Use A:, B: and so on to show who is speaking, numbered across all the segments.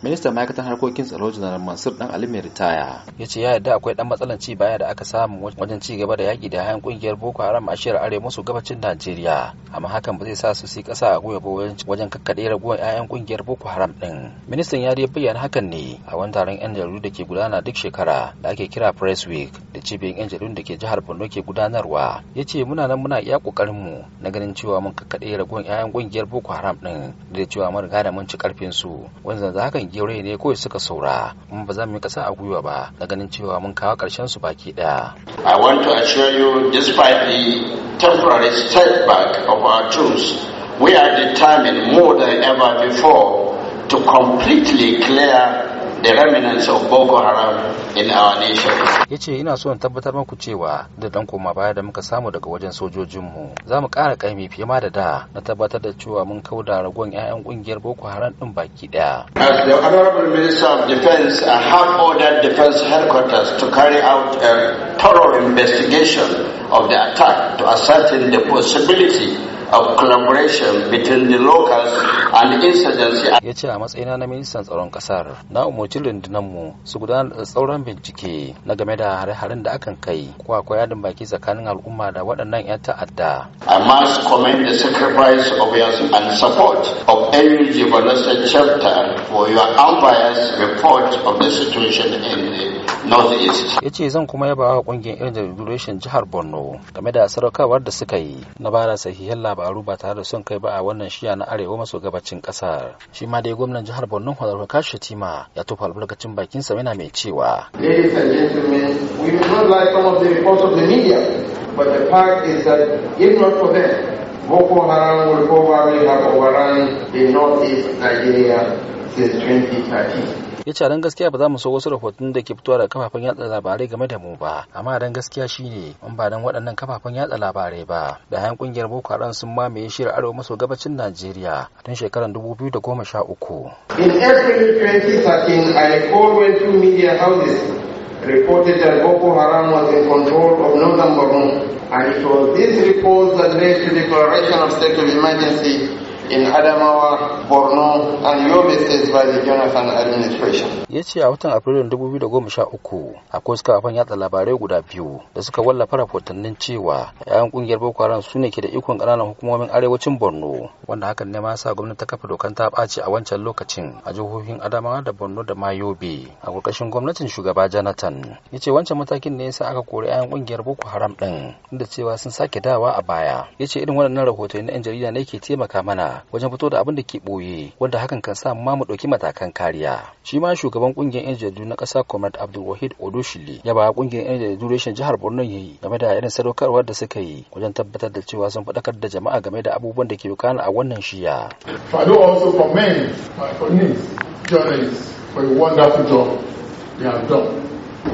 A: ministan ma'aikatan harkokin tsaro janar mansur dan ali mai ritaya ya ce ya yarda akwai dan matsalan ci baya da aka samu wajen ci gaba da yaki da hayan kungiyar boko haram a shirar arewa musu gabacin najeriya amma hakan ba zai sa su si kasa a goya ba wajen kakkaɗe raguwar yayan kungiyar boko haram din ministan ya bayyana hakan ne a wani taron yan jaridu da ke gudana duk shekara da ake kira press week da cibiyar yan jaridun da ke jihar borno ke gudanarwa ya ce muna nan muna iya kokarin mu na ganin cewa mun kakkaɗe raguwar yayan kungiyar boko haram din da cewa mun riga da mun ci karfin su wanda hakan gero ne kawai suka saura kuma ba za mu yi kasa a gwiwa ba na ganin cewa mun kawo ƙarshen su baki ɗaya.
B: I want to assure you despite the temporary setback of our troops we are determined more than ever before to completely clear the remnants of Boko Haram in our nation.
A: Ya ce ina son tabbatar maku cewa da dan koma baya da muka samu daga wajen sojojinmu za mu ƙara ƙaimi fiye ma da da na tabbatar da cewa mun da ragon 'ya'yan ƙungiyar Boko Haram ɗin baki ɗaya. As the Honorable Minister of Defense, I have ordered Defense Headquarters to carry out
B: a thorough investigation of the attack to ascertain the possibility of collaboration between the locals and insurgency.
A: Ya ce a matsayina na ministan tsaron kasar na umarci mu su gudanar da tsauran bincike na game da hare-haren da akan kai ko akwai yadin baki tsakanin al'umma da waɗannan 'yan ta'adda. I must commend the sacrifice of your and support of NUG Vanessa chapter for your
B: unbiased report of the situation in the
A: northeast. Ya ce zan kuma yaba wa ƙungiyar irin da jihar Borno game da sadaukarwar da suka yi na bada sahihin labarai. dabaru ba tare da son kai ba a wannan shiya na arewa maso gabacin kasar shi ma dai gwamnan jihar borno honorable kashi tima ya tofa albarkacin bakin sa yana mai cewa ladies and
B: gentlemen we do not like some of the reports of the media but the fact is that if not for them boko haram will probably have overrun the northeast nigeria
A: ya ce dan gaskiya ba za mu so wasu rahoton da ke fitowa da kafafen yatsa labarai game da mu ba amma dan gaskiya shine in ba dan waɗannan kafafen yatsa labarai ba da hayan kungiyar boko haram sun mamaye shirin arewa maso gabacin najeriya tun shekarar 2013
B: in april 2013 i called when two media houses reported that boko haram was in control of northern borno and it was these reports that led to declaration of state of emergency in Adamawa, Borno and Yobe states by the Jonathan administration.
A: Ya ce a watan Afrilun 2013 akwai suka kafan yatsa labarai guda biyu da suka wallafa rahotannin cewa 'ya'yan kungiyar Boko Haram su ne ke da ikon ƙananan hukumomin arewacin Borno wanda hakan ne ma sa gwamnati ta kafa dokan ta ɓaci a wancan lokacin a jihohin Adamawa da Borno da ma Yobe a ƙarƙashin gwamnatin shugaba Jonathan. Ya ce wancan matakin ne yasa aka kori 'ya'yan kungiyar Boko Haram ɗin da cewa sun sake dawa a baya. Ya ce irin waɗannan rahotanni na 'yan jarida ne ke taimaka mana wajen fito da abin da ke ɓoye wanda hakan kan sa ma mu ɗauki matakan kariya shi ma shugaban ƙungiyar 'yan jaridu na ƙasa comrade abdul wahid odoshile ya ba ƙungiyar 'yan jaridu reshen jihar borno yayi game da irin sadaukarwar da suka yi wajen tabbatar da cewa sun faɗakar da jama'a game da abubuwan da ke kana a wannan shiya.
B: Fado also commend my colleagues, journalists for a wonderful job they have done.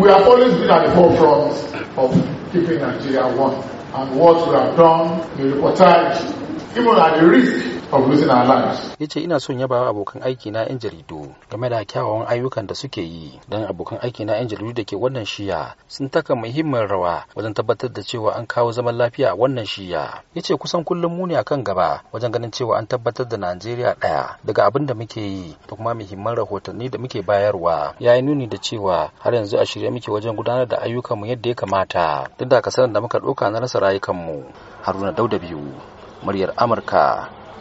B: We have always been at the forefront of keeping Nigeria one and what we have done, the reportage, even at the risk of losing our lives.
A: Ya ce ina son yaba abokan aiki na 'yan jaridu game da kyawawan ayyukan da suke yi don abokan aiki na 'yan jaridu da ke wannan shiya sun taka muhimmin rawa wajen tabbatar da cewa an kawo zaman lafiya a wannan shiya. Ya ce kusan kullum mu ne a kan gaba wajen ganin cewa an tabbatar da Najeriya ɗaya daga abin da muke yi da kuma muhimman rahotanni da muke bayarwa. Ya yi nuni da cewa har yanzu a shirye muke wajen gudanar da ayyukanmu yadda ya kamata duk da kasar da muka ɗauka na rasa rayukanmu. Haruna Dauda biyu, muryar Amurka